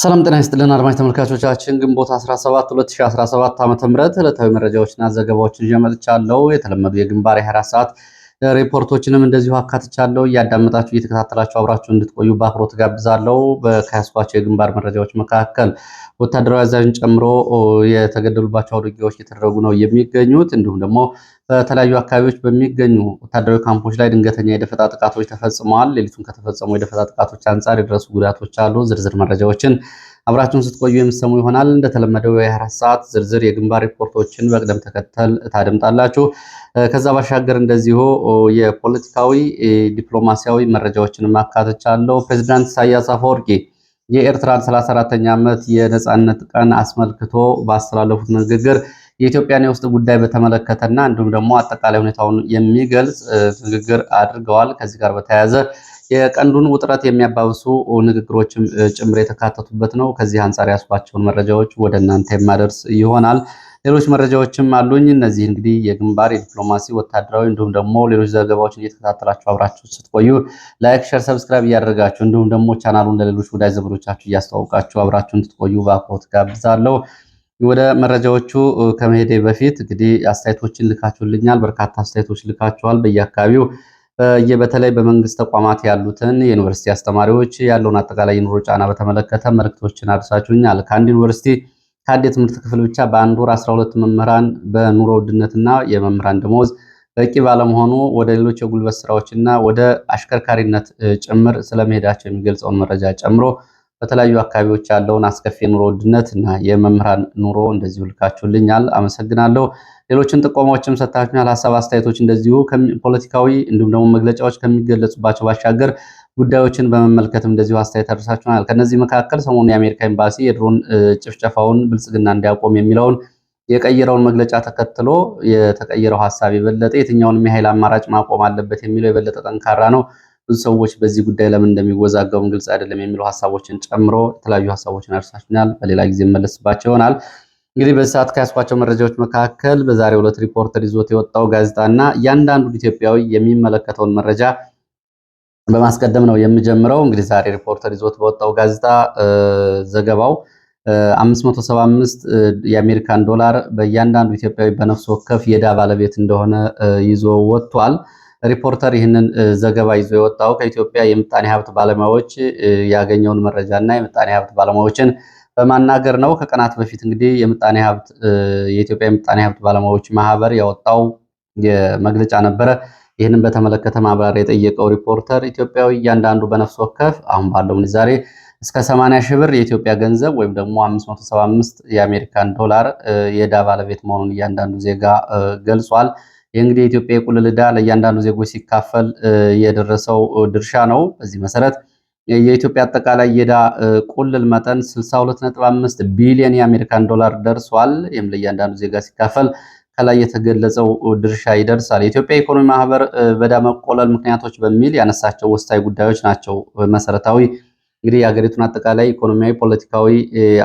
ሰላም ጤና ይስጥልን አድማጭ ተመልካቾቻችን፣ ግንቦት 17 2017 ዓ ም ዕለታዊ መረጃዎችና ዘገባዎችን ይዤ መጥቻለሁ። የተለመዱ የግንባር 24 ሰዓት ሪፖርቶችንም እንደዚሁ አካትቻለሁ። እያዳመጣችሁ እየተከታተላችሁ አብራችሁ እንድትቆዩ በአክብሮት ጋብዛለሁ። ከያስኳቸው የግንባር መረጃዎች መካከል ወታደራዊ አዛዥን ጨምሮ የተገደሉባቸው አውደ እየተደረጉ ነው የሚገኙት። እንዲሁም ደግሞ በተለያዩ አካባቢዎች በሚገኙ ወታደራዊ ካምፖች ላይ ድንገተኛ የደፈጣ ጥቃቶች ተፈጽመዋል። ሌሊቱን ከተፈጸሙ የደፈጣ ጥቃቶች አንጻር የደረሱ ጉዳቶች አሉ። ዝርዝር መረጃዎችን አብራችሁን ስትቆዩ የምትሰሙ ይሆናል። እንደተለመደው የ24 ሰዓት ዝርዝር የግንባር ሪፖርቶችን በቅደም ተከተል ታደምጣላችሁ። ከዛ ባሻገር እንደዚሁ የፖለቲካዊ ዲፕሎማሲያዊ መረጃዎችን ማካተቻለሁ። ፕሬዚዳንት ኢሳያስ አፈወርቂ የኤርትራን 34ኛ ዓመት የነጻነት ቀን አስመልክቶ ባስተላለፉት ንግግር የኢትዮጵያን የውስጥ ጉዳይ በተመለከተና እንዲሁም ደግሞ አጠቃላይ ሁኔታውን የሚገልጽ ንግግር አድርገዋል። ከዚህ ጋር በተያያዘ የቀንዱን ውጥረት የሚያባብሱ ንግግሮችም ጭምር የተካተቱበት ነው። ከዚህ አንጻር ያስኳቸውን መረጃዎች ወደ እናንተ የማደርስ ይሆናል። ሌሎች መረጃዎችም አሉኝ። እነዚህ እንግዲህ የግንባር የዲፕሎማሲ ወታደራዊ፣ እንዲሁም ደግሞ ሌሎች ዘገባዎችን እየተከታተላችሁ አብራችሁ ስትቆዩ ላይክ፣ ሸር፣ ሰብስክራይብ እያደረጋችሁ እንዲሁም ደግሞ ቻናሉን ለሌሎች ወዳጅ ዘመዶቻችሁ እያስተዋውቃችሁ አብራችሁ እንድትቆዩ በአክብሮት ጋብዛለሁ። ወደ መረጃዎቹ ከመሄዴ በፊት እንግዲህ አስተያየቶችን ልካችሁልኛል። በርካታ አስተያየቶች ልካችኋል በየአካባቢው በተለይ በመንግስት ተቋማት ያሉትን የዩኒቨርሲቲ አስተማሪዎች ያለውን አጠቃላይ የኑሮ ጫና በተመለከተ መልእክቶችን አድርሳችሁኛል። ከአንድ ዩኒቨርሲቲ ከአንድ የትምህርት ክፍል ብቻ በአንድ ወር 12 መምህራን በኑሮ ውድነትና የመምህራን ደሞዝ በቂ ባለመሆኑ ወደ ሌሎች የጉልበት ስራዎችና ወደ አሽከርካሪነት ጭምር ስለመሄዳቸው የሚገልጸውን መረጃ ጨምሮ በተለያዩ አካባቢዎች ያለውን አስከፊ የኑሮ ውድነት እና የመምህራን ኑሮ እንደዚሁ ልካችሁልኛል፣ አመሰግናለሁ። ሌሎችን ጥቆማዎችም ሰጥታችሁኛል። ሀሳብ አስተያየቶች እንደዚሁ ፖለቲካዊ እንዲሁም ደግሞ መግለጫዎች ከሚገለጹባቸው ባሻገር ጉዳዮችን በመመልከትም እንደዚሁ አስተያየት አድርሳችኋል። ከነዚህ መካከል ሰሞኑ የአሜሪካ ኤምባሲ የድሮን ጭፍጨፋውን ብልጽግና እንዲያቆም የሚለውን የቀየረውን መግለጫ ተከትሎ የተቀየረው ሀሳብ የበለጠ የትኛውንም የኃይል አማራጭ ማቆም አለበት የሚለው የበለጠ ጠንካራ ነው ብዙ ሰዎች በዚህ ጉዳይ ለምን እንደሚወዛገቡን ግልጽ አይደለም የሚሉ ሀሳቦችን ጨምሮ የተለያዩ ሀሳቦችን አድርሳችናል። በሌላ ጊዜ መለስባቸው ይሆናል። እንግዲህ በዚህ ሰዓት ከያስኳቸው መረጃዎች መካከል በዛሬው ዕለት ሪፖርተር ይዞት የወጣው ጋዜጣና እያንዳንዱ ኢትዮጵያዊ የሚመለከተውን መረጃ በማስቀደም ነው የምጀምረው። እንግዲህ ዛሬ ሪፖርተር ይዞት በወጣው ጋዜጣ ዘገባው 575 የአሜሪካን ዶላር በእያንዳንዱ ኢትዮጵያዊ በነፍስ ወከፍ የዕዳ ባለቤት እንደሆነ ይዞ ወጥቷል። ሪፖርተር ይህንን ዘገባ ይዞ የወጣው ከኢትዮጵያ የምጣኔ ሀብት ባለሙያዎች ያገኘውን መረጃ እና የምጣኔ ሀብት ባለሙያዎችን በማናገር ነው። ከቀናት በፊት እንግዲህ የምጣኔ ሀብት የኢትዮጵያ የምጣኔ ሀብት ባለሙያዎች ማህበር ያወጣው መግለጫ ነበረ። ይህንን በተመለከተ ማብራሪያ የጠየቀው ሪፖርተር ኢትዮጵያዊ እያንዳንዱ በነፍስ ወከፍ አሁን ባለው ምንዛሬ እስከ 80 ሺህ ብር የኢትዮጵያ ገንዘብ ወይም ደግሞ 575 የአሜሪካን ዶላር የዕዳ ባለቤት መሆኑን እያንዳንዱ ዜጋ ገልጿል። ይህ እንግዲህ የኢትዮጵያ የቁልል ዕዳ ለእያንዳንዱ ዜጎች ሲካፈል የደረሰው ድርሻ ነው። በዚህ መሰረት የኢትዮጵያ አጠቃላይ የዕዳ ቁልል መጠን 62.5 ቢሊዮን የአሜሪካን ዶላር ደርሷል። ይህም ለእያንዳንዱ ዜጋ ሲካፈል ከላይ የተገለጸው ድርሻ ይደርሳል። የኢትዮጵያ ኢኮኖሚ ማህበር በዕዳ መቆለል ምክንያቶች በሚል ያነሳቸው ወሳኝ ጉዳዮች ናቸው መሰረታዊ እንግዲህ የሀገሪቱን አጠቃላይ ኢኮኖሚያዊ፣ ፖለቲካዊ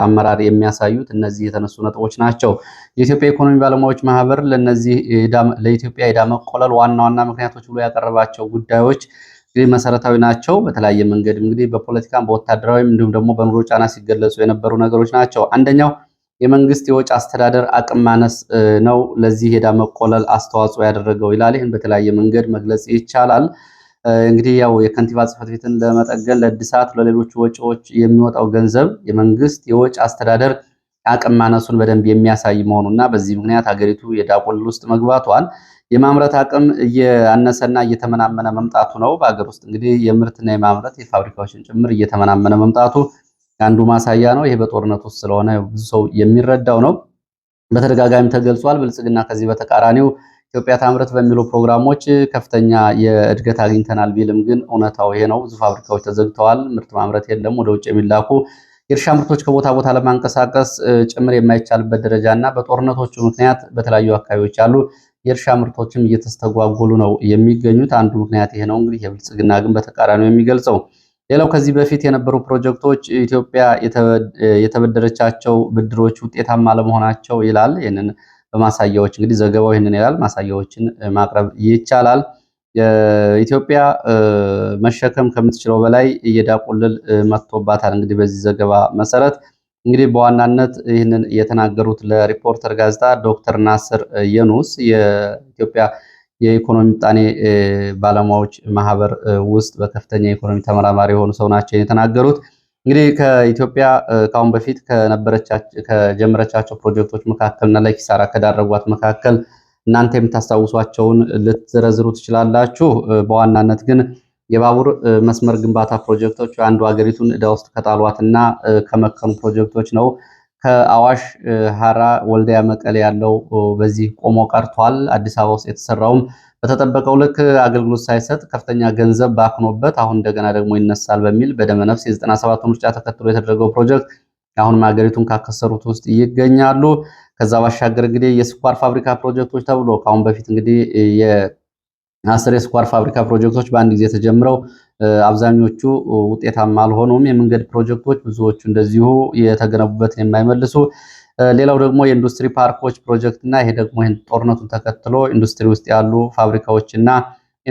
አመራር የሚያሳዩት እነዚህ የተነሱ ነጥቦች ናቸው። የኢትዮጵያ ኢኮኖሚ ባለሙያዎች ማህበር ለነዚህ ለኢትዮጵያ የዕዳ መቆለል ዋና ዋና ምክንያቶች ብሎ ያቀረባቸው ጉዳዮች እንግዲህ መሰረታዊ ናቸው። በተለያየ መንገድ እንግዲህ በፖለቲካም በወታደራዊም እንዲሁም ደግሞ በኑሮ ጫና ሲገለጹ የነበሩ ነገሮች ናቸው። አንደኛው የመንግስት የወጪ አስተዳደር አቅም ማነስ ነው ለዚህ የዕዳ መቆለል አስተዋጽኦ ያደረገው ይላል። ይህን በተለያየ መንገድ መግለጽ ይቻላል። እንግዲህ ያው የከንቲባ ጽፈት ቤትን ለመጠገን ለእድሳት፣ ለሌሎች ወጪዎች የሚወጣው ገንዘብ የመንግስት የወጪ አስተዳደር አቅም ማነሱን በደንብ የሚያሳይ መሆኑና በዚህ ምክንያት ሀገሪቱ የዳቁል ውስጥ መግባቷን የማምረት አቅም እየአነሰና እየተመናመነ መምጣቱ ነው። በሀገር ውስጥ እንግዲህ የምርትና የማምረት የፋብሪካዎችን ጭምር እየተመናመነ መምጣቱ አንዱ ማሳያ ነው። ይሄ በጦርነት ውስጥ ስለሆነ ብዙ ሰው የሚረዳው ነው። በተደጋጋሚ ተገልጿል። ብልጽግና ከዚህ በተቃራኒው ኢትዮጵያ ታምረት በሚሉ ፕሮግራሞች ከፍተኛ የእድገት አግኝተናል ቢልም ግን እውነታው ይሄ ነው። ብዙ ፋብሪካዎች ተዘግተዋል። ምርት ማምረት የለም። ወደ ውጭ የሚላኩ የእርሻ ምርቶች ከቦታ ቦታ ለማንቀሳቀስ ጭምር የማይቻልበት ደረጃ እና በጦርነቶቹ ምክንያት በተለያዩ አካባቢዎች ያሉ የእርሻ ምርቶችም እየተስተጓጎሉ ነው የሚገኙት። አንዱ ምክንያት ይሄ ነው። እንግዲህ የብልጽግና ግን በተቃራኒው የሚገልጸው ሌላው ከዚህ በፊት የነበሩ ፕሮጀክቶች ኢትዮጵያ የተበደረቻቸው ብድሮች ውጤታማ አለመሆናቸው ይላል። ይህንን በማሳያዎች እንግዲህ ዘገባው ይህንን ይላል። ማሳያዎችን ማቅረብ ይቻላል። ኢትዮጵያ መሸከም ከምትችለው በላይ የዳቁልል መጥቶባታል። እንግዲህ በዚህ ዘገባ መሰረት እንግዲህ በዋናነት ይህንን የተናገሩት ለሪፖርተር ጋዜጣ ዶክተር ናስር የኑስ የኢትዮጵያ የኢኮኖሚ ምጣኔ ባለሙያዎች ማህበር ውስጥ በከፍተኛ የኢኮኖሚ ተመራማሪ የሆኑ ሰው ናቸው የተናገሩት። እንግዲህ ከኢትዮጵያ ከአሁን በፊት ከጀመረቻቸው ፕሮጀክቶች መካከል እና ኪሳራ ከዳረጓት መካከል እናንተ የምታስታውሷቸውን ልትዘረዝሩ ትችላላችሁ። በዋናነት ግን የባቡር መስመር ግንባታ ፕሮጀክቶች አንዱ ሀገሪቱን እዳ ውስጥ ከጣሏት እና ከመከኑ ፕሮጀክቶች ነው። ከአዋሽ ሀራ፣ ወልዲያ፣ መቀሌ ያለው በዚህ ቆሞ ቀርቷል። አዲስ አበባ ውስጥ የተሰራውም በተጠበቀው ልክ አገልግሎት ሳይሰጥ ከፍተኛ ገንዘብ ባክኖበት አሁን እንደገና ደግሞ ይነሳል በሚል በደመነፍስ የ 97 ምርጫ ተከትሎ የተደረገው ፕሮጀክት አሁንም ሀገሪቱን ካከሰሩት ውስጥ ይገኛሉ። ከዛ ባሻገር እንግዲህ የስኳር ፋብሪካ ፕሮጀክቶች ተብሎ ከአሁን በፊት እንግዲህ የአስር የስኳር ፋብሪካ ፕሮጀክቶች በአንድ ጊዜ ተጀምረው አብዛኞቹ ውጤታማ አልሆኑም። የመንገድ ፕሮጀክቶች ብዙዎቹ እንደዚሁ የተገነቡበትን የማይመልሱ ሌላው ደግሞ የኢንዱስትሪ ፓርኮች ፕሮጀክት እና ይሄ ደግሞ ይህን ጦርነቱን ተከትሎ ኢንዱስትሪ ውስጥ ያሉ ፋብሪካዎች እና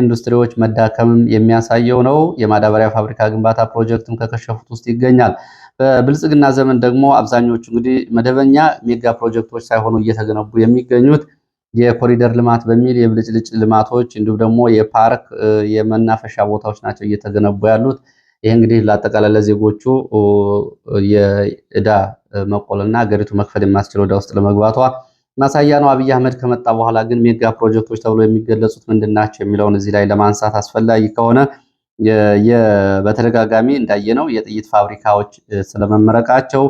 ኢንዱስትሪዎች መዳከምም የሚያሳየው ነው። የማዳበሪያ ፋብሪካ ግንባታ ፕሮጀክትም ከከሸፉት ውስጥ ይገኛል። በብልጽግና ዘመን ደግሞ አብዛኞቹ እንግዲህ መደበኛ ሜጋ ፕሮጀክቶች ሳይሆኑ እየተገነቡ የሚገኙት የኮሪደር ልማት በሚል የብልጭልጭ ልማቶች እንዲሁም ደግሞ የፓርክ የመናፈሻ ቦታዎች ናቸው እየተገነቡ ያሉት። ይህ እንግዲህ ለአጠቃላይ ለዜጎቹ የዕዳ መቆልና ሀገሪቱ መክፈል የማስችል እዳ ውስጥ ለመግባቷ ማሳያ ነው። አብይ አህመድ ከመጣ በኋላ ግን ሜጋ ፕሮጀክቶች ተብሎ የሚገለጹት ምንድን ናቸው የሚለውን እዚህ ላይ ለማንሳት አስፈላጊ ከሆነ በተደጋጋሚ እንዳየነው የጥይት ፋብሪካዎች ስለመመረቃቸው፣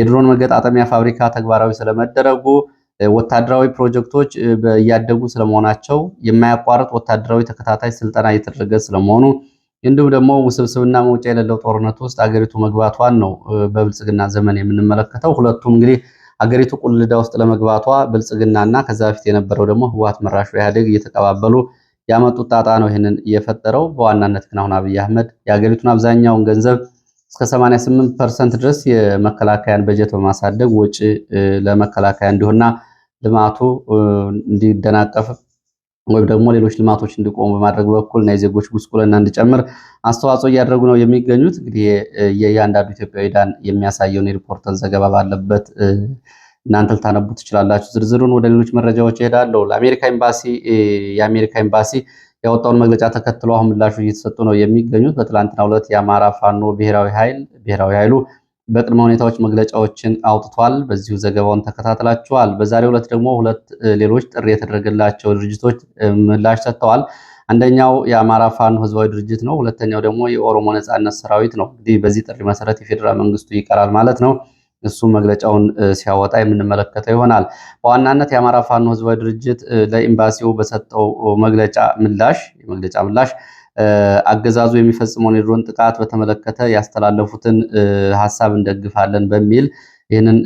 የድሮን መገጣጠሚያ ፋብሪካ ተግባራዊ ስለመደረጉ፣ ወታደራዊ ፕሮጀክቶች እያደጉ ስለመሆናቸው፣ የማያቋርጥ ወታደራዊ ተከታታይ ስልጠና እየተደረገ ስለመሆኑ እንዲሁም ደግሞ ውስብስብና መውጫ የሌለው ጦርነት ውስጥ አገሪቱ መግባቷን ነው በብልጽግና ዘመን የምንመለከተው። ሁለቱም እንግዲህ አገሪቱ ቁልዳ ውስጥ ለመግባቷ ብልጽግናና ከዛ በፊት የነበረው ደግሞ ህወሓት መራሹ ኢህአዴግ እየተቀባበሉ ያመጡት ጣጣ ነው ይህንን እየፈጠረው። በዋናነት ግን አሁን አብይ አህመድ የአገሪቱን አብዛኛውን ገንዘብ እስከ 88 ፐርሰንት ድረስ የመከላከያን በጀት በማሳደግ ወጪ ለመከላከያ እንዲሆንና ልማቱ እንዲደናቀፍ ወይም ደግሞ ሌሎች ልማቶች እንዲቆሙ በማድረግ በኩል እና የዜጎች ጉስቁልና እንዲጨምር አስተዋጽኦ እያደረጉ ነው የሚገኙት። እንግዲህ የእያንዳንዱ ኢትዮጵያዊ ዕዳን የሚያሳየውን የሪፖርተር ዘገባ ባለበት እናንተ ልታነቡ ትችላላችሁ። ዝርዝሩን ወደ ሌሎች መረጃዎች ይሄዳለሁ። ለአሜሪካ ኤምባሲ የአሜሪካ ኤምባሲ ያወጣውን መግለጫ ተከትሎ አሁን ምላሹ እየተሰጡ ነው የሚገኙት። በትላንትናው ዕለት የአማራ ፋኖ ብሔራዊ ኃይል ብሔራዊ ኃይሉ በቅድመ ሁኔታዎች መግለጫዎችን አውጥቷል። በዚሁ ዘገባውን ተከታትላችኋል። በዛሬው ዕለት ደግሞ ሁለት ሌሎች ጥሪ የተደረገላቸው ድርጅቶች ምላሽ ሰጥተዋል። አንደኛው የአማራ ፋኖ ህዝባዊ ድርጅት ነው። ሁለተኛው ደግሞ የኦሮሞ ነጻነት ሰራዊት ነው። እንግዲህ በዚህ ጥሪ መሰረት የፌዴራል መንግስቱ ይቀራል ማለት ነው። እሱ መግለጫውን ሲያወጣ የምንመለከተው ይሆናል። በዋናነት የአማራ ፋኖ ህዝባዊ ድርጅት ለኤምባሲው በሰጠው መግለጫ ምላሽ የመግለጫ ምላሽ አገዛዙ የሚፈጽመውን የድሮን ጥቃት በተመለከተ ያስተላለፉትን ሀሳብ እንደግፋለን በሚል ይህንን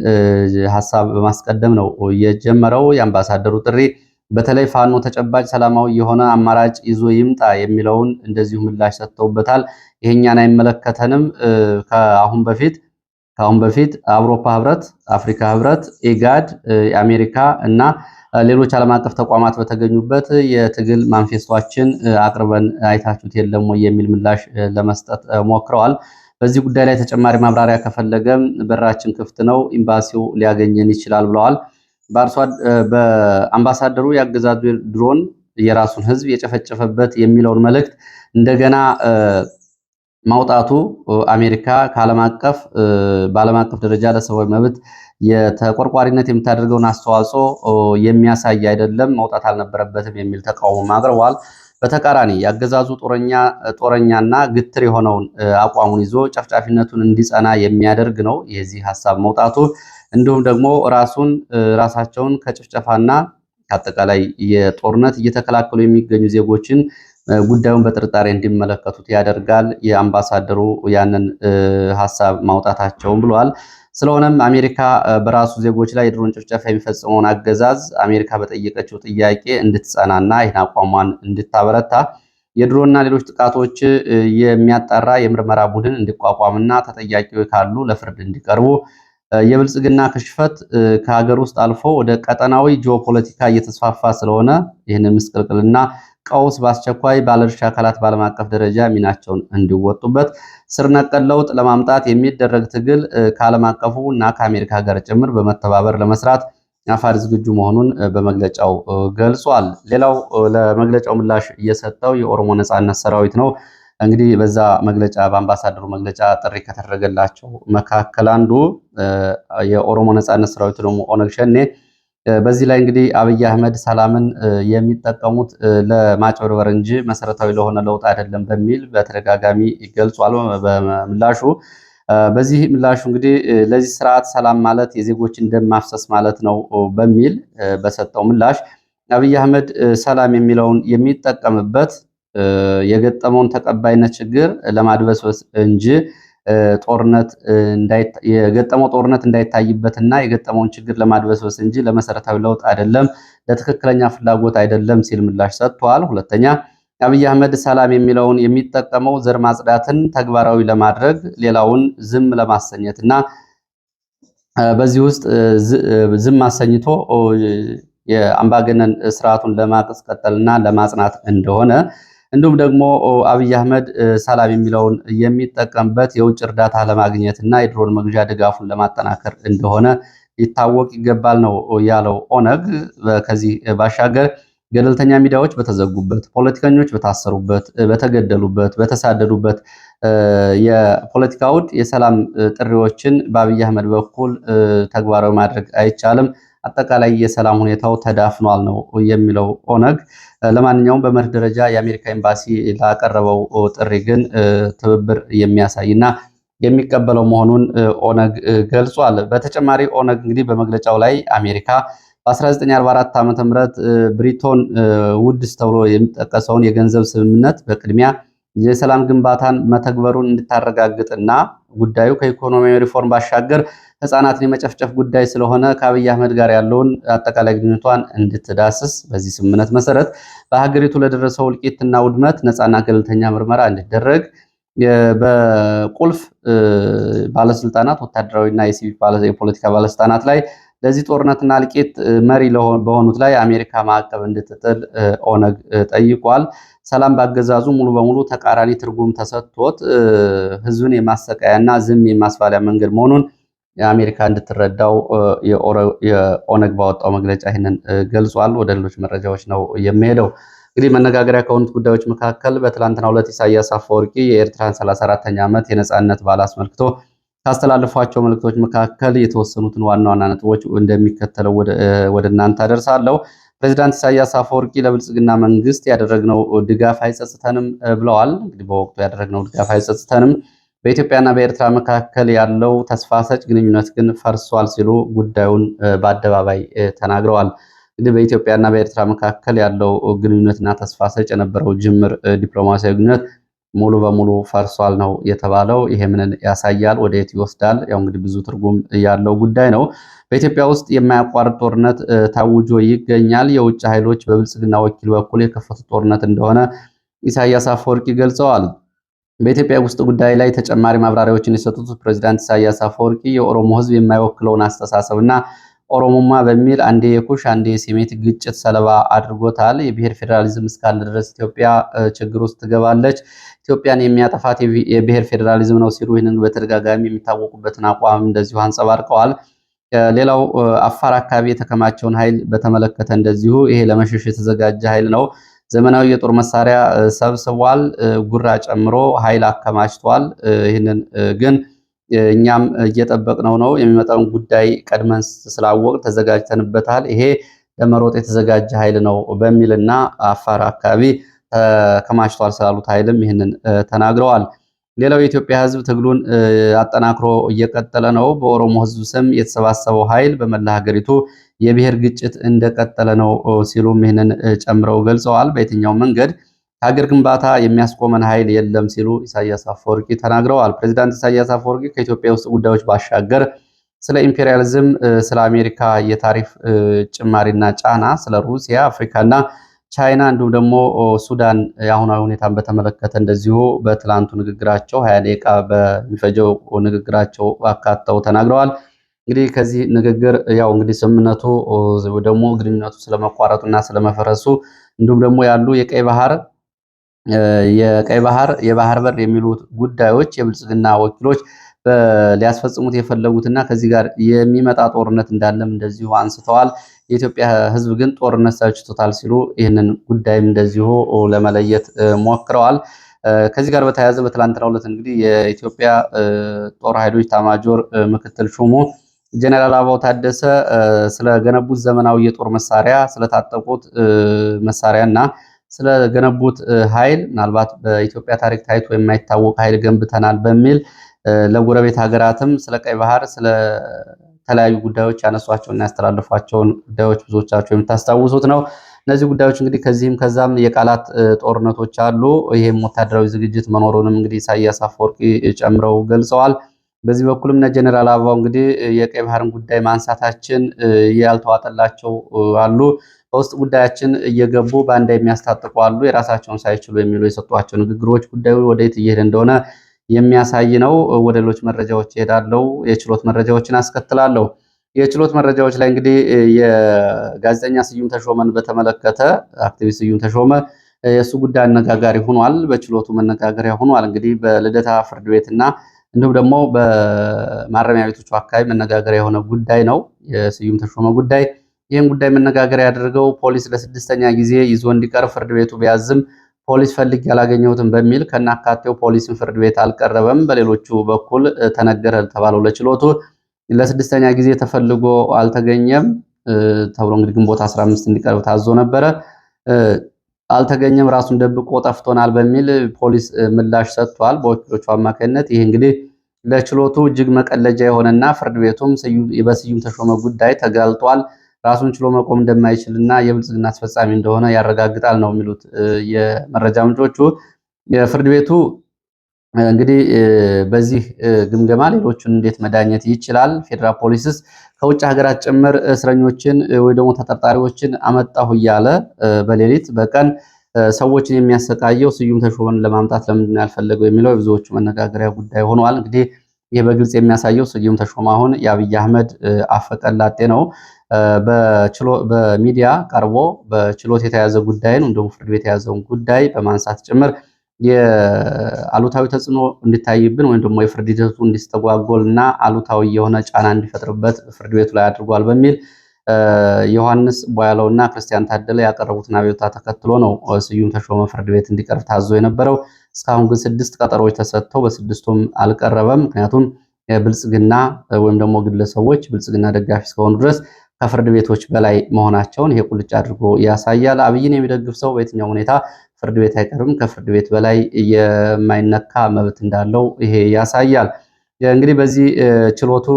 ሀሳብ በማስቀደም ነው የጀመረው። የአምባሳደሩ ጥሪ በተለይ ፋኖ ተጨባጭ ሰላማዊ የሆነ አማራጭ ይዞ ይምጣ የሚለውን እንደዚሁ ምላሽ ሰጥተውበታል። ይሄኛን አይመለከተንም። ከአሁን በፊት ከአሁን በፊት አውሮፓ ህብረት፣ አፍሪካ ህብረት፣ ኢጋድ፣ አሜሪካ እና ሌሎች ዓለም አቀፍ ተቋማት በተገኙበት የትግል ማንፌስቶችን አቅርበን አይታችሁት የለም ወይ የሚል ምላሽ ለመስጠት ሞክረዋል። በዚህ ጉዳይ ላይ ተጨማሪ ማብራሪያ ከፈለገ በራችን ክፍት ነው፣ ኤምባሲው ሊያገኘን ይችላል ብለዋል። በአምባሳደሩ የአገዛዙ ድሮን የራሱን ህዝብ የጨፈጨፈበት የሚለውን መልእክት እንደገና ማውጣቱ አሜሪካ ከዓለም አቀፍ በዓለም አቀፍ ደረጃ ለሰብአዊ መብት የተቆርቋሪነት የምታደርገውን አስተዋጽኦ የሚያሳይ አይደለም፣ መውጣት አልነበረበትም የሚል ተቃውሞ አቅርቧል። በተቃራኒ የአገዛዙ ጦረኛና ግትር የሆነውን አቋሙን ይዞ ጨፍጫፊነቱን እንዲጸና የሚያደርግ ነው የዚህ ሀሳብ መውጣቱ። እንዲሁም ደግሞ ራሱን ራሳቸውን ከጭፍጨፋና ከአጠቃላይ የጦርነት እየተከላከሉ የሚገኙ ዜጎችን ጉዳዩን በጥርጣሬ እንዲመለከቱት ያደርጋል። የአምባሳደሩ ያንን ሀሳብ ማውጣታቸውን ብለዋል። ስለሆነም አሜሪካ በራሱ ዜጎች ላይ የድሮን ጭፍጨፋ የሚፈጽመውን አገዛዝ አሜሪካ በጠየቀችው ጥያቄ እንድትጸናና ይህን አቋሟን እንድታበረታ የድሮና ሌሎች ጥቃቶች የሚያጣራ የምርመራ ቡድን እንዲቋቋምና ተጠያቂ ካሉ ለፍርድ እንዲቀርቡ የብልጽግና ክሽፈት ከሀገር ውስጥ አልፎ ወደ ቀጠናዊ ጂኦፖለቲካ እየተስፋፋ ስለሆነ ይህን ምስቅልቅልና ቀውስ በአስቸኳይ ባለድርሻ አካላት በዓለም አቀፍ ደረጃ ሚናቸውን እንዲወጡበት ስር ለውጥ ለማምጣት የሚደረግ ትግል ከዓለም አቀፉ እና ከአሜሪካ ጋር ጭምር በመተባበር ለመስራት አፋድ ዝግጁ መሆኑን በመግለጫው ገልጿል። ሌላው ለመግለጫው ምላሽ እየሰጠው የኦሮሞ ነጻነት ሰራዊት ነው። እንግዲህ በዛ መግለጫ በአምባሳደሩ መግለጫ ጥሪ ከተደረገላቸው መካከል አንዱ የኦሮሞ ነጻነት ሰራዊት ደግሞ ኦነግ ሸኔ በዚህ ላይ እንግዲህ አብይ አህመድ ሰላምን የሚጠቀሙት ለማጭበርበር እንጂ መሰረታዊ ለሆነ ለውጥ አይደለም በሚል በተደጋጋሚ ገልጿል። በምላሹ በዚህ ምላሹ እንግዲህ ለዚህ ስርዓት ሰላም ማለት የዜጎችን ደም ማፍሰስ ማለት ነው በሚል በሰጠው ምላሽ አብይ አህመድ ሰላም የሚለውን የሚጠቀምበት የገጠመውን ተቀባይነት ችግር ለማድበስበስ እንጂ ጦርነት የገጠመው ጦርነት እንዳይታይበትና የገጠመውን ችግር ለማድበስበስ እንጂ ለመሰረታዊ ለውጥ አይደለም፣ ለትክክለኛ ፍላጎት አይደለም ሲል ምላሽ ሰጥቷል። ሁለተኛ አብይ አህመድ ሰላም የሚለውን የሚጠቀመው ዘር ማጽዳትን ተግባራዊ ለማድረግ ሌላውን ዝም እና በዚህ ውስጥ ዝም አሰኝቶ የአምባገነን ስርዓቱን ለማቀስቀጠልና ለማጽናት እንደሆነ እንዲሁም ደግሞ አብይ አህመድ ሰላም የሚለውን የሚጠቀምበት የውጭ እርዳታ ለማግኘት እና የድሮን መግዣ ድጋፉን ለማጠናከር እንደሆነ ሊታወቅ ይገባል ነው ያለው ኦነግ። ከዚህ ባሻገር ገለልተኛ ሚዲያዎች በተዘጉበት፣ ፖለቲከኞች በታሰሩበት፣ በተገደሉበት፣ በተሳደዱበት የፖለቲካ ውድ የሰላም ጥሪዎችን በአብይ አህመድ በኩል ተግባራዊ ማድረግ አይቻልም። አጠቃላይ የሰላም ሁኔታው ተዳፍኗል ነው የሚለው ኦነግ። ለማንኛውም በመርህ ደረጃ የአሜሪካ ኤምባሲ ላቀረበው ጥሪ ግን ትብብር የሚያሳይና የሚቀበለው መሆኑን ኦነግ ገልጿል። በተጨማሪ ኦነግ እንግዲህ በመግለጫው ላይ አሜሪካ በ1944 ዓ ም ብሪቶን ውድስ ተብሎ የሚጠቀሰውን የገንዘብ ስምምነት በቅድሚያ የሰላም ግንባታን መተግበሩን እንድታረጋግጥና ጉዳዩ ከኢኮኖሚያዊ ሪፎርም ባሻገር ህፃናትን የመጨፍጨፍ ጉዳይ ስለሆነ ከአብይ አህመድ ጋር ያለውን አጠቃላይ ግንኙነቷን እንድትዳስስ በዚህ ስምምነት መሰረት በሀገሪቱ ለደረሰው እልቂትና ውድመት ነፃና ገለልተኛ ምርመራ እንዲደረግ በቁልፍ ባለስልጣናት ወታደራዊና የሲቪክ የፖለቲካ ባለስልጣናት ላይ ለዚህ ጦርነትና እልቂት መሪ በሆኑት ላይ አሜሪካ ማዕቀብ እንድትጥል ኦነግ ጠይቋል። ሰላም ባገዛዙ ሙሉ በሙሉ ተቃራኒ ትርጉም ተሰጥቶት ህዝብን የማሰቃያና ዝም የማስባለያ መንገድ መሆኑን አሜሪካ እንድትረዳው የኦነግ ባወጣው መግለጫ ይህንን ገልጿል። ወደ ሌሎች መረጃዎች ነው የሚሄደው። እንግዲህ መነጋገሪያ ከሆኑት ጉዳዮች መካከል በትላንትና ሁለት ኢሳያስ አፈወርቂ የኤርትራን 34ኛ ዓመት የነጻነት በዓል አስመልክቶ ካስተላለፏቸው መልእክቶች መካከል የተወሰኑትን ዋና ዋና ነጥቦች እንደሚከተለው ወደ እናንተ አደርሳለሁ። ፕሬዚዳንት ኢሳያስ አፈወርቂ ለብልጽግና መንግስት ያደረግነው ድጋፍ አይጸጽተንም ብለዋል። እንግዲህ በወቅቱ ያደረግነው ድጋፍ አይጸጽተንም፣ በኢትዮጵያና በኤርትራ መካከል ያለው ተስፋ ሰጭ ግንኙነት ግን ፈርሷል ሲሉ ጉዳዩን በአደባባይ ተናግረዋል። እንግዲህ በኢትዮጵያና በኤርትራ መካከል ያለው ግንኙነትና ተስፋ ሰጭ የነበረው ጅምር ዲፕሎማሲያዊ ግንኙነት ሙሉ በሙሉ ፈርሷል ነው የተባለው። ይሄምንን ያሳያል፣ ወደ ይወስዳል? ያው እንግዲህ ብዙ ትርጉም ያለው ጉዳይ ነው። በኢትዮጵያ ውስጥ የማያቋርጥ ጦርነት ታውጆ ይገኛል። የውጭ ኃይሎች በብልጽግና ወኪል በኩል የከፈቱት ጦርነት እንደሆነ ኢሳያስ አፈወርቂ ገልጸዋል። በኢትዮጵያ ውስጥ ጉዳይ ላይ ተጨማሪ ማብራሪያዎችን የሰጡት ፕሬዚዳንት ኢሳያስ አፈወርቂ የኦሮሞ ሕዝብ የማይወክለውን አስተሳሰብና ኦሮሞማ በሚል አንዴ የኩሽ አንዴ የሴሜት ግጭት ሰለባ አድርጎታል። የብሔር ፌዴራሊዝም እስካለ ድረስ ኢትዮጵያ ችግር ውስጥ ትገባለች፣ ኢትዮጵያን የሚያጠፋት የብሔር ፌዴራሊዝም ነው ሲሉ ይህንን በተደጋጋሚ የሚታወቁበትን አቋም እንደዚሁ አንጸባርቀዋል። ሌላው አፋር አካባቢ የተከማቸውን ኃይል በተመለከተ እንደዚሁ ይሄ ለመሸሽ የተዘጋጀ ኃይል ነው። ዘመናዊ የጦር መሳሪያ ሰብስቧል፣ ጉራ ጨምሮ ኃይል አከማችቷል። ይህንን ግን እኛም እየጠበቅነው ነው። የሚመጣውን ጉዳይ ቀድመን ስላወቅ ተዘጋጅተንበታል። ይሄ ለመሮጥ የተዘጋጀ ኃይል ነው በሚልና አፋር አካባቢ ተከማችቷል ስላሉት ኃይልም ይህንን ተናግረዋል። ሌላው የኢትዮጵያ ሕዝብ ትግሉን አጠናክሮ እየቀጠለ ነው። በኦሮሞ ሕዝብ ስም የተሰባሰበው ኃይል በመላ ሀገሪቱ የብሔር ግጭት እንደቀጠለ ነው ሲሉም ይህንን ጨምረው ገልጸዋል። በየትኛው መንገድ ከሀገር ግንባታ የሚያስቆመን ኃይል የለም ሲሉ ኢሳያስ አፈወርቂ ተናግረዋል። ፕሬዚዳንት ኢሳያስ አፈወርቂ ከኢትዮጵያ ውስጥ ጉዳዮች ባሻገር ስለ ኢምፔሪያሊዝም፣ ስለ አሜሪካ የታሪፍ ጭማሪና ጫና፣ ስለ ሩሲያ፣ አፍሪካና ቻይና እንዲሁም ደግሞ ሱዳን የአሁናዊ ሁኔታን በተመለከተ እንደዚሁ በትላንቱ ንግግራቸው ሀያ ደቂቃ በሚፈጀው ንግግራቸው አካተው ተናግረዋል። እንግዲህ ከዚህ ንግግር ያው እንግዲህ ስምምነቱ ደግሞ ግንኙነቱ ስለመቋረጡና ስለመፈረሱ እንዲሁም ደግሞ ያሉ የቀይ ባህር የቀይ ባህር የባህር በር የሚሉት ጉዳዮች የብልጽግና ወኪሎች ሊያስፈጽሙት የፈለጉትና ከዚህ ጋር የሚመጣ ጦርነት እንዳለም እንደዚሁ አንስተዋል። የኢትዮጵያ ሕዝብ ግን ጦርነት ሰልችቶታል ሲሉ ይህንን ጉዳይም እንደዚሁ ለመለየት ሞክረዋል። ከዚህ ጋር በተያያዘ በትላንትናው ዕለት እንግዲህ የኢትዮጵያ ጦር ኃይሎች ታማጆር ምክትል ሹሙ ጀነራል አበባው ታደሰ ስለገነቡት ዘመናዊ የጦር መሳሪያ ስለታጠቁት መሳሪያ እና ስለገነቡት ኃይል ምናልባት በኢትዮጵያ ታሪክ ታይቶ የማይታወቅ ኃይል ገንብተናል በሚል ለጎረቤት ሀገራትም ስለ ቀይ ባህር ስለተለያዩ ጉዳዮች እና ያስተላልፏቸውን ጉዳዮች ብዙዎቻቸው የምታስታውሱት ነው። እነዚህ ጉዳዮች እንግዲህ ከዚህም ከዛም የቃላት ጦርነቶች አሉ። ይህም ወታደራዊ ዝግጅት መኖሩንም እንግዲህ ኢሳያስ አፈወርቂ ጨምረው ገልጸዋል። በዚህ በኩልም እነ ጀኔራል አበባው እንግዲህ የቀይ ባህርን ጉዳይ ማንሳታችን ያልተዋጠላቸው አሉ። በውስጥ ጉዳያችን እየገቡ በአንዳ የሚያስታጥቁ አሉ። የራሳቸውን ሳይችሉ የሚሉ የሰጧቸው ንግግሮች ጉዳዩ ወደየት እየሄደ እንደሆነ የሚያሳይ ነው። ወደ ሌሎች መረጃዎች ይሄዳለው። የችሎት መረጃዎችን አስከትላለሁ። የችሎት መረጃዎች ላይ እንግዲህ የጋዜጠኛ ስዩም ተሾመን በተመለከተ አክቲቪስት ስዩም ተሾመ የእሱ ጉዳይ አነጋጋሪ ሆኗል። በችሎቱ መነጋገሪያ ሆኗል። እንግዲህ በልደታ ፍርድ እና እንዲሁም ደግሞ በማረሚያ ቤቶቹ አካባቢ መነጋገሪያ የሆነ ጉዳይ ነው የስዩም ተሾመ ጉዳይ። ይህን ጉዳይ መነጋገር ያደረገው ፖሊስ ለስድስተኛ ጊዜ ይዞ እንዲቀርብ ፍርድ ቤቱ ቢያዝም ፖሊስ ፈልግ ያላገኘሁትም በሚል ከናካቴው ፖሊስን ፍርድ ቤት አልቀረበም፣ በሌሎቹ በኩል ተነገረ ተባለው ለችሎቱ ለስድስተኛ ጊዜ ተፈልጎ አልተገኘም ተብሎ እንግዲህ ግንቦት 15 እንዲቀርብ ታዞ ነበረ። አልተገኘም፣ ራሱን ደብቆ ጠፍቶናል በሚል ፖሊስ ምላሽ ሰጥቷል በወኪሎቹ አማካኝነት። ይህ እንግዲህ ለችሎቱ እጅግ መቀለጃ የሆነና ፍርድ ቤቱም በስዩም ተሾመ ጉዳይ ተጋልጧል ራሱን ችሎ መቆም እንደማይችል እና የብልጽግና አስፈጻሚ እንደሆነ ያረጋግጣል ነው የሚሉት የመረጃ ምንጮቹ። ፍርድ ቤቱ እንግዲህ በዚህ ግምገማ ሌሎቹን እንዴት መዳኘት ይችላል? ፌዴራል ፖሊስስ ከውጭ ሀገራት ጭምር እስረኞችን ወይ ደግሞ ተጠርጣሪዎችን አመጣሁ እያለ በሌሊት በቀን ሰዎችን የሚያሰቃየው ስዩም ተሾመን ለማምጣት ለምንድን ያልፈለገው የሚለው የብዙዎቹ መነጋገሪያ ጉዳይ ሆኗል። እንግዲህ ይህ በግልጽ የሚያሳየው ስዩም ተሾመ አሁን የአብይ አህመድ አፈቀላጤ ነው። በሚዲያ ቀርቦ በችሎት የተያዘ ጉዳይን ወይም ደግሞ ፍርድ ቤት የያዘውን ጉዳይ በማንሳት ጭምር የአሉታዊ ተጽዕኖ እንዲታይብን ወይም ደግሞ የፍርድ ሂደቱ እና አሉታዊ የሆነ ጫና እንዲፈጥርበት ፍርድ ቤቱ ላይ አድርጓል በሚል ዮሐንስ እና ክርስቲያን ታደለ ያቀረቡትን አቤቱታ ተከትሎ ነው ስዩም ተሾመ ፍርድ ቤት እንዲቀርብ ታዞ የነበረው። እስካሁን ግን ስድስት ቀጠሮች ተሰጥተው በስድስቱም አልቀረበም። ምክንያቱም ብልጽግና ወይም ደግሞ ግለሰቦች ብልጽግና ደጋፊ እስከሆኑ ድረስ ከፍርድ ቤቶች በላይ መሆናቸውን ይሄ ቁልጭ አድርጎ ያሳያል። አብይን የሚደግፍ ሰው በየትኛው ሁኔታ ፍርድ ቤት አይቀርም፣ ከፍርድ ቤት በላይ የማይነካ መብት እንዳለው ይሄ ያሳያል። እንግዲህ በዚህ ችሎቱ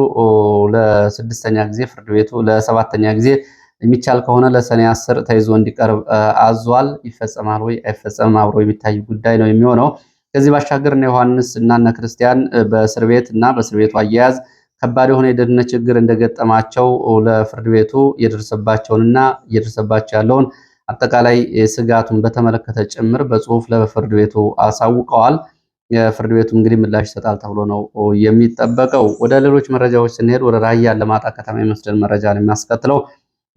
ለስድስተኛ ጊዜ ፍርድ ቤቱ ለሰባተኛ ጊዜ የሚቻል ከሆነ ለሰኔ አስር ተይዞ እንዲቀርብ አዟል። ይፈጸማል ወይ አይፈጸምም አብሮ የሚታይ ጉዳይ ነው የሚሆነው። ከዚህ ባሻገር እነ ዮሐንስ እና እነ ክርስቲያን በእስር ቤት እና በእስር ቤቱ አያያዝ ከባድ የሆነ የደህንነት ችግር እንደገጠማቸው ለፍርድ ቤቱ የደረሰባቸውንና እየደረሰባቸው ያለውን አጠቃላይ ስጋቱን በተመለከተ ጭምር በጽሁፍ ለፍርድ ቤቱ አሳውቀዋል። ፍርድ ቤቱ እንግዲህ ምላሽ ይሰጣል ተብሎ ነው የሚጠበቀው። ወደ ሌሎች መረጃዎች ስንሄድ ወደ ራያ አላማጣ ከተማ የመስደን መረጃ ነው የሚያስከትለው።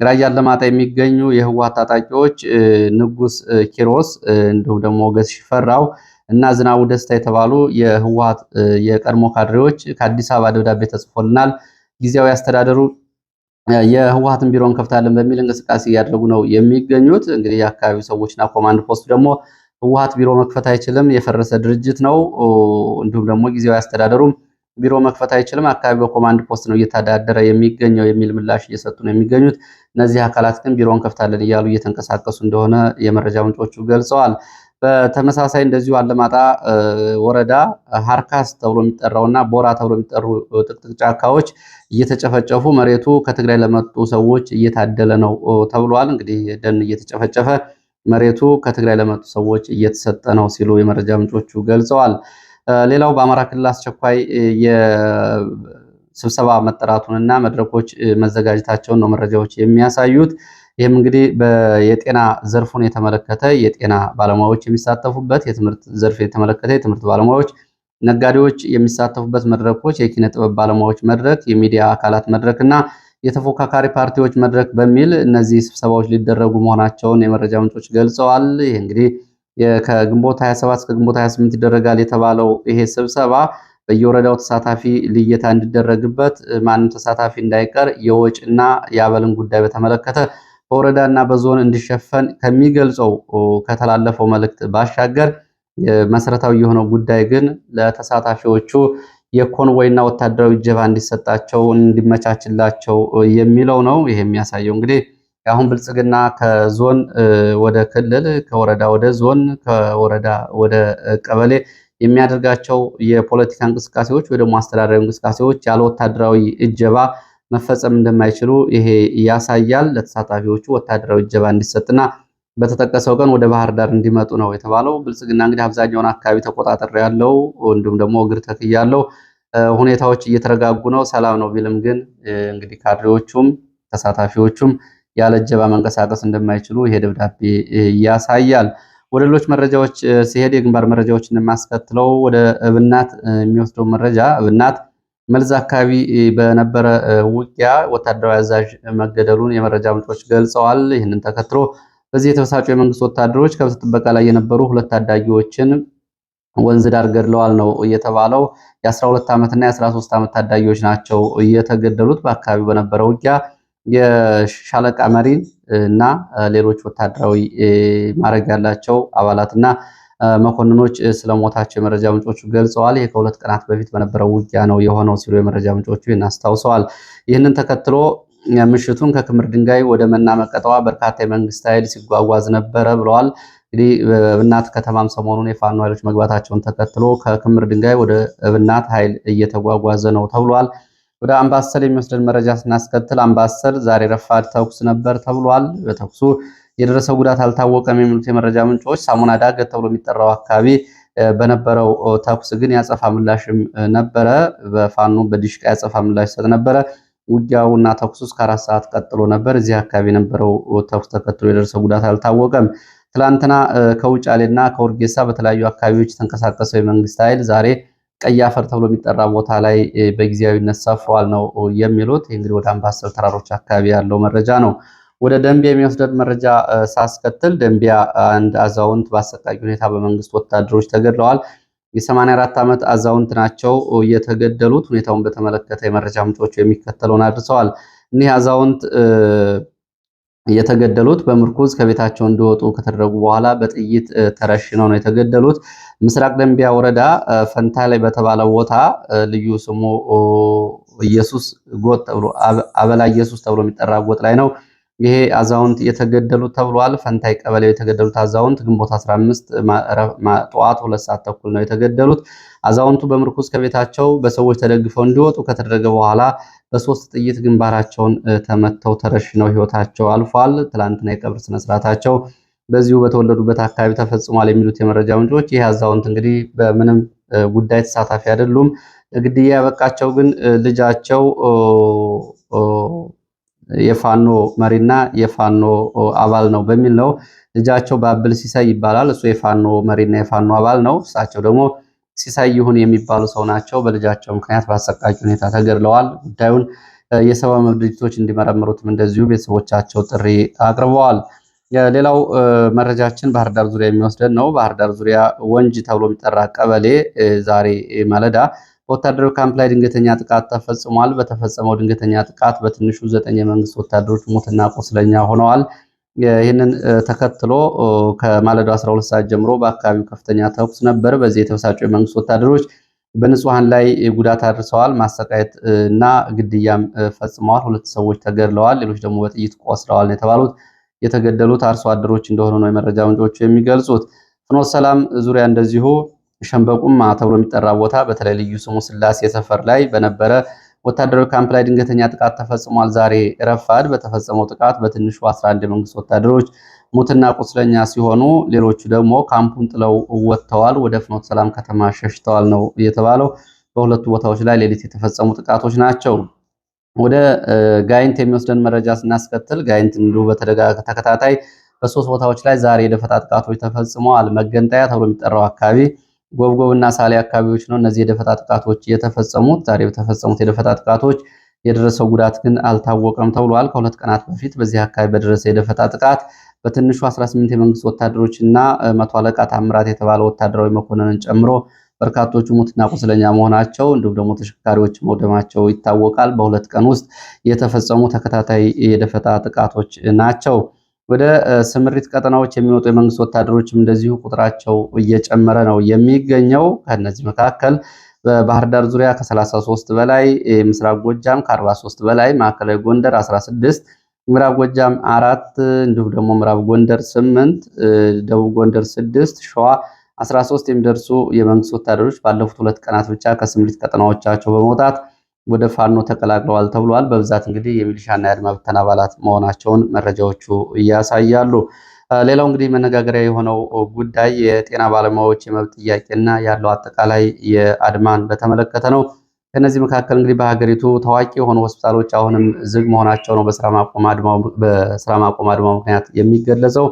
ራያ አላማጣ የሚገኙ የህወሓት ታጣቂዎች ንጉስ ኪሮስ እንዲሁም ደግሞ ሞገስ ሽፈራው እና ዝናቡ ደስታ የተባሉ የህወሓት የቀድሞ ካድሬዎች ከአዲስ አበባ ደብዳቤ ተጽፎልናል፣ ጊዜያዊ አስተዳደሩ የህወሀትን ቢሮ እንከፍታለን በሚል እንቅስቃሴ እያደረጉ ነው የሚገኙት። እንግዲህ የአካባቢው ሰዎችና ኮማንድ ፖስት ደግሞ ህወሀት ቢሮ መክፈት አይችልም፣ የፈረሰ ድርጅት ነው። እንዲሁም ደግሞ ጊዜያዊ አስተዳደሩም ቢሮ መክፈት አይችልም፣ አካባቢ በኮማንድ ፖስት ነው እየተዳደረ የሚገኘው የሚል ምላሽ እየሰጡ ነው የሚገኙት። እነዚህ አካላት ግን ቢሮ እንከፍታለን እያሉ እየተንቀሳቀሱ እንደሆነ የመረጃ ምንጮቹ ገልጸዋል። በተመሳሳይ እንደዚሁ አለማጣ ወረዳ ሀርካስ ተብሎ የሚጠራውና ቦራ ተብሎ የሚጠሩ ጥቅጥቅ ጫካዎች እየተጨፈጨፉ መሬቱ ከትግራይ ለመጡ ሰዎች እየታደለ ነው ተብሏል። እንግዲህ ደን እየተጨፈጨፈ መሬቱ ከትግራይ ለመጡ ሰዎች እየተሰጠ ነው ሲሉ የመረጃ ምንጮቹ ገልጸዋል። ሌላው በአማራ ክልል አስቸኳይ የስብሰባ መጠራቱንና መድረኮች መዘጋጀታቸውን ነው መረጃዎች የሚያሳዩት። ይህም እንግዲህ የጤና ዘርፉን የተመለከተ የጤና ባለሙያዎች የሚሳተፉበት፣ የትምህርት ዘርፍ የተመለከተ የትምህርት ባለሙያዎች፣ ነጋዴዎች የሚሳተፉበት መድረኮች፣ የኪነ ጥበብ ባለሙያዎች መድረክ፣ የሚዲያ አካላት መድረክ እና የተፎካካሪ ፓርቲዎች መድረክ በሚል እነዚህ ስብሰባዎች ሊደረጉ መሆናቸውን የመረጃ ምንጮች ገልጸዋል። ይህ እንግዲህ ከግንቦት 27 እስከ ግንቦት 28 ይደረጋል የተባለው ይሄ ስብሰባ በየወረዳው ተሳታፊ ልየታ እንዲደረግበት፣ ማንም ተሳታፊ እንዳይቀር፣ የወጭና የአበልን ጉዳይ በተመለከተ በወረዳና በዞን እንዲሸፈን ከሚገልጸው ከተላለፈው መልእክት ባሻገር መሰረታዊ የሆነው ጉዳይ ግን ለተሳታፊዎቹ የኮንቮይና ወታደራዊ እጀባ እንዲሰጣቸው እንዲመቻችላቸው የሚለው ነው። ይሄ የሚያሳየው እንግዲህ አሁን ብልጽግና ከዞን ወደ ክልል፣ ከወረዳ ወደ ዞን፣ ከወረዳ ወደ ቀበሌ የሚያደርጋቸው የፖለቲካ እንቅስቃሴዎች ወይ ደግሞ አስተዳደራዊ እንቅስቃሴዎች ያለ ወታደራዊ እጀባ መፈጸም እንደማይችሉ ይሄ ያሳያል። ለተሳታፊዎቹ ወታደራዊ እጀባ እንዲሰጥና በተጠቀሰው ቀን ወደ ባህር ዳር እንዲመጡ ነው የተባለው። ብልጽግና እንግዲህ አብዛኛውን አካባቢ ተቆጣጠር ያለው እንዲሁም ደግሞ እግር ተክያለው ያለው ሁኔታዎች እየተረጋጉ ነው፣ ሰላም ነው ቢልም ግን እንግዲህ ካድሬዎቹም ተሳታፊዎቹም ያለ እጀባ መንቀሳቀስ እንደማይችሉ ይሄ ደብዳቤ ያሳያል። ወደ ሌሎች መረጃዎች ሲሄድ የግንባር መረጃዎች እንደማስከትለው ወደ እብናት የሚወስደው መረጃ እብናት መልዛ አካባቢ በነበረ ውጊያ ወታደራዊ አዛዥ መገደሉን የመረጃ ምንጮች ገልጸዋል። ይህንን ተከትሎ በዚህ የተበሳጩ የመንግስት ወታደሮች ከብት ጥበቃ ላይ የነበሩ ሁለት ታዳጊዎችን ወንዝ ዳር ገድለዋል ነው እየተባለው። የ12 ዓመትና የ13 ዓመት ታዳጊዎች ናቸው እየተገደሉት። በአካባቢው በነበረ ውጊያ የሻለቃ መሪ እና ሌሎች ወታደራዊ ማድረግ ያላቸው አባላት እና መኮንኖች ስለሞታቸው የመረጃ ምንጮቹ ገልጸዋል። ይህ ከሁለት ቀናት በፊት በነበረው ውጊያ ነው የሆነው ሲሉ የመረጃ ምንጮቹ ይህን አስታውሰዋል። ይህንን ተከትሎ ምሽቱን ከክምር ድንጋይ ወደ መና መቀጠዋ በርካታ የመንግስት ኃይል ሲጓጓዝ ነበረ ብለዋል። እንግዲህ እብናት ከተማም ሰሞኑን የፋኖ ኃይሎች መግባታቸውን ተከትሎ ከክምር ድንጋይ ወደ እብናት ኃይል እየተጓጓዘ ነው ተብሏል። ወደ አምባሰል የሚወስደን መረጃ ስናስከትል አምባሰል ዛሬ ረፋድ ተኩስ ነበር ተብሏል። በተኩሱ የደረሰው ጉዳት አልታወቀም የሚሉት የመረጃ ምንጮች ሳሙና ዳገት ተብሎ የሚጠራው አካባቢ በነበረው ተኩስ ግን ያጸፋ ምላሽም ነበረ። በፋኖ በዲሽቃ ያጸፋ ምላሽ ሰጥ ነበረ። ውጊያውና ተኩስ እስከ አራት ሰዓት ቀጥሎ ነበር። እዚህ አካባቢ የነበረው ተኩስ ተከትሎ የደረሰው ጉዳት አልታወቀም። ትላንትና ከውጫሌና ከውርጌሳ በተለያዩ አካባቢዎች የተንቀሳቀሰው የመንግስት ኃይል ዛሬ ቀይ አፈር ተብሎ የሚጠራ ቦታ ላይ በጊዜያዊነት ሰፍሯል ነው የሚሉት። እንግዲህ ወደ አምባሰል ተራሮች አካባቢ ያለው መረጃ ነው። ወደ ደንቢያ የሚወስደን መረጃ ሳስከትል ደንቢያ አንድ አዛውንት በአሰቃቂ ሁኔታ በመንግስት ወታደሮች ተገድለዋል። የ84 ዓመት አዛውንት ናቸው የተገደሉት። ሁኔታውን በተመለከተ የመረጃ ምንጮቹ የሚከተለውን አድርሰዋል። እኒህ አዛውንት የተገደሉት በምርኩዝ ከቤታቸው እንዲወጡ ከተደረጉ በኋላ በጥይት ተረሽነው ነው የተገደሉት። ምስራቅ ደንቢያ ወረዳ ፈንታ ላይ በተባለ ቦታ ልዩ ስሙ ኢየሱስ ጎጥ ተብሎ አበላ ኢየሱስ ተብሎ የሚጠራ ጎጥ ላይ ነው ይሄ አዛውንት የተገደሉት ተብሏል። ፈንታይ ቀበሌ የተገደሉት አዛውንት ግንቦት 15 ጠዋት ሁለት ሰዓት ተኩል ነው የተገደሉት። አዛውንቱ በምርኩዝ ከቤታቸው በሰዎች ተደግፈው እንዲወጡ ከተደረገ በኋላ በሶስት ጥይት ግንባራቸውን ተመተው ተረሽነው ህይወታቸው አልፏል። ትላንትና የቀብር ስነስርዓታቸው በዚሁ በተወለዱበት አካባቢ ተፈጽሟል የሚሉት የመረጃ ምንጮች ይህ አዛውንት እንግዲህ በምንም ጉዳይ ተሳታፊ አይደሉም። ለግድያ ያበቃቸው ግን ልጃቸው የፋኖ መሪና የፋኖ አባል ነው በሚል ነው። ልጃቸው በአብል ሲሳይ ይባላል። እሱ የፋኖ መሪና የፋኖ አባል ነው። እሳቸው ደግሞ ሲሳይ ይሁን የሚባሉ ሰው ናቸው። በልጃቸው ምክንያት በአሰቃቂ ሁኔታ ተገድለዋል። ጉዳዩን የሰብአዊ መብት ድርጅቶች እንዲመረምሩትም እንደዚሁ ቤተሰቦቻቸው ጥሪ አቅርበዋል። ሌላው መረጃችን ባህር ዳር ዙሪያ የሚወስደን ነው። ባህር ዳር ዙሪያ ወንጅ ተብሎ የሚጠራ ቀበሌ ዛሬ ማለዳ በወታደራዊ ካምፕ ላይ ድንገተኛ ጥቃት ተፈጽሟል። በተፈጸመው ድንገተኛ ጥቃት በትንሹ ዘጠኝ የመንግስት ወታደሮች ሞትና ቁስለኛ ሆነዋል። ይህንን ተከትሎ ከማለዳው 12 ሰዓት ጀምሮ በአካባቢው ከፍተኛ ተኩስ ነበር። በዚህ የተበሳጩ የመንግስት ወታደሮች በንጹሐን ላይ ጉዳት አድርሰዋል። ማሰቃየት እና ግድያም ፈጽመዋል። ሁለት ሰዎች ተገድለዋል፣ ሌሎች ደግሞ በጥይት ቆስለዋል የተባሉት። የተገደሉት አርሶ አደሮች እንደሆኑ ነው የመረጃ ምንጮቹ የሚገልጹት። ፍኖተ ሰላም ዙሪያ እንደዚሁ ሸንበቁማ ተብሎ የሚጠራ ቦታ በተለይ ልዩ ስሙ ስላሴ ሰፈር ላይ በነበረ ወታደራዊ ካምፕ ላይ ድንገተኛ ጥቃት ተፈጽሟል። ዛሬ ረፋድ በተፈጸመው ጥቃት በትንሹ 11 የመንግስት ወታደሮች ሙትና ቁስለኛ ሲሆኑ ሌሎቹ ደግሞ ካምፑን ጥለው ወጥተዋል፣ ወደ ፍኖት ሰላም ከተማ ሸሽተዋል ነው የተባለው። በሁለቱ ቦታዎች ላይ ሌሊት የተፈጸሙ ጥቃቶች ናቸው። ወደ ጋይንት የሚወስደን መረጃ ስናስከትል ጋይንት እንዲሁ ተከታታይ በሶስት ቦታዎች ላይ ዛሬ የደፈጣ ጥቃቶች ተፈጽመዋል። መገንጠያ ተብሎ የሚጠራው አካባቢ እና ሳሌ አካባቢዎች ነው እነዚህ የደፈጣ ጥቃቶች የተፈጸሙት። ዛሬ በተፈጸሙት የደፈጣ ጥቃቶች የደረሰው ጉዳት ግን አልታወቀም ተብሏል። ከሁለት ቀናት በፊት በዚህ አካባቢ በደረሰ የደፈጣ ጥቃት በትንሹ 18 የመንግስት ወታደሮች እና መቶ አለቃ ታምራት የተባለ ወታደራዊ መኮንንን ጨምሮ በርካቶቹ ሙትና ቁስለኛ መሆናቸው እንዲሁም ደግሞ ተሽከርካሪዎች መውደማቸው ይታወቃል። በሁለት ቀን ውስጥ የተፈጸሙ ተከታታይ የደፈጣ ጥቃቶች ናቸው። ወደ ስምሪት ቀጠናዎች የሚወጡ የመንግስት ወታደሮችም እንደዚሁ ቁጥራቸው እየጨመረ ነው የሚገኘው። ከእነዚህ መካከል በባህር ዳር ዙሪያ ከ33 በላይ፣ ምስራቅ ጎጃም ከ43 በላይ፣ ማዕከላዊ ጎንደር 16 ምዕራብ ጎጃም አራት እንዲሁም ደግሞ ምዕራብ ጎንደር ስምንት ደቡብ ጎንደር ስድስት ሸዋ 13 የሚደርሱ የመንግስት ወታደሮች ባለፉት ሁለት ቀናት ብቻ ከስምሪት ቀጠናዎቻቸው በመውጣት ወደ ፋኖ ተቀላቅለዋል ተብሏል። በብዛት እንግዲህ የሚሊሻና የአድማ ብተና አባላት መሆናቸውን መረጃዎቹ ያሳያሉ። ሌላው እንግዲህ መነጋገሪያ የሆነው ጉዳይ የጤና ባለሙያዎች የመብት ጥያቄና ያለው አጠቃላይ የአድማን በተመለከተ ነው። ከነዚህ መካከል እንግዲህ በሀገሪቱ ታዋቂ የሆኑ ሆስፒታሎች አሁንም ዝግ መሆናቸው ነው በስራ ማቆም አድማው ምክንያት የሚገለጸው።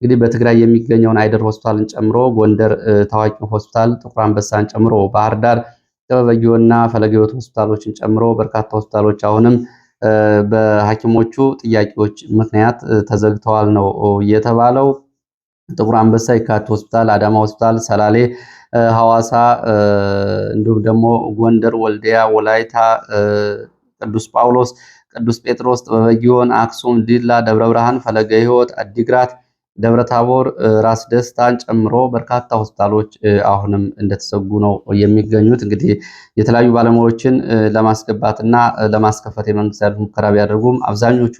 እንግዲህ በትግራይ የሚገኘውን አይደር ሆስፒታልን ጨምሮ ጎንደር ታዋቂ ሆስፒታል፣ ጥቁር አንበሳን ጨምሮ ባህር ዳር ጥበበጊዮና ፈለገህይወት ሆስፒታሎችን ጨምሮ በርካታ ሆስፒታሎች አሁንም በሐኪሞቹ ጥያቄዎች ምክንያት ተዘግተዋል ነው የተባለው። ጥቁር አንበሳ፣ የካቲት ሆስፒታል፣ አዳማ ሆስፒታል፣ ሰላሌ፣ ሐዋሳ እንዲሁም ደግሞ ጎንደር፣ ወልዲያ፣ ወላይታ፣ ቅዱስ ጳውሎስ፣ ቅዱስ ጴጥሮስ፣ ጥበበጊዮን፣ አክሱም፣ ዲላ፣ ደብረ ብርሃን፣ ፈለገ ሕይወት፣ አዲግራት ደብረታቦር ራስ ደስታን ጨምሮ በርካታ ሆስፒታሎች አሁንም እንደተሰጉ ነው የሚገኙት። እንግዲህ የተለያዩ ባለሙያዎችን ለማስገባት እና ለማስከፈት የመንግስት ያሉት ሙከራ ቢያደርጉም አብዛኞቹ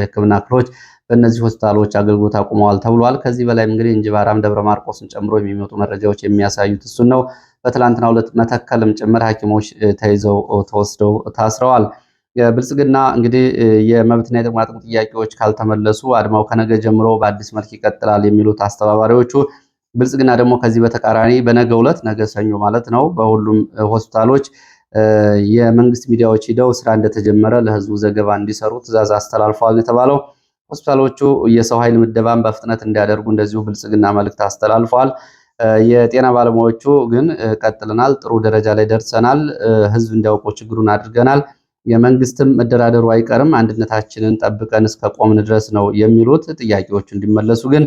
የሕክምና ክፍሎች በእነዚህ ሆስፒታሎች አገልግሎት አቁመዋል ተብሏል። ከዚህ በላይ እንግዲህ እንጅባራም ደብረ ማርቆስን ጨምሮ የሚመጡ መረጃዎች የሚያሳዩት እሱን ነው። በትላንትና ሁለት መተከልም ጭምር ሐኪሞች ተይዘው ተወስደው ታስረዋል። ብልጽግና እንግዲህ የመብትና የጥቅማ ጥያቄዎች ካልተመለሱ አድማው ከነገ ጀምሮ በአዲስ መልክ ይቀጥላል የሚሉት አስተባባሪዎቹ፣ ብልጽግና ደግሞ ከዚህ በተቃራኒ በነገ ዕለት ነገ ሰኞ ማለት ነው በሁሉም ሆስፒታሎች የመንግስት ሚዲያዎች ሂደው ስራ እንደተጀመረ ለህዝቡ ዘገባ እንዲሰሩ ትዛዝ አስተላልፈዋል የተባለው ሆስፒታሎቹ የሰው ኃይል ምደባን በፍጥነት እንዲያደርጉ እንደዚሁ ብልጽግና መልእክት አስተላልፈዋል። የጤና ባለሙያዎቹ ግን ቀጥለናል፣ ጥሩ ደረጃ ላይ ደርሰናል፣ ህዝብ እንዲያውቀው ችግሩን አድርገናል የመንግስትም መደራደሩ አይቀርም አንድነታችንን ጠብቀን እስከ ቆምን ድረስ ነው የሚሉት ጥያቄዎች እንዲመለሱ ግን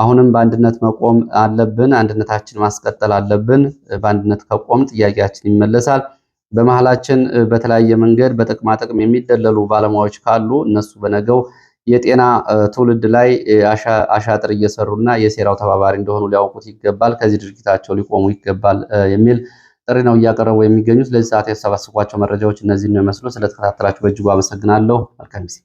አሁንም በአንድነት መቆም አለብን፣ አንድነታችን ማስቀጠል አለብን። በአንድነት ከቆም ጥያቄያችን ይመለሳል። በመሀላችን በተለያየ መንገድ በጥቅማጥቅም የሚደለሉ ባለሙያዎች ካሉ እነሱ በነገው የጤና ትውልድ ላይ አሻጥር እየሰሩና የሴራው ተባባሪ እንደሆኑ ሊያውቁት ይገባል። ከዚህ ድርጊታቸው ሊቆሙ ይገባል የሚል ጥሪ ነው እያቀረቡ የሚገኙት። ለዚህ ሰዓት ያሰባስቧቸው መረጃዎች እነዚህ ነው ይመስሉ። ስለተከታተላችሁ በእጅጉ አመሰግናለሁ። መልካም ጊዜ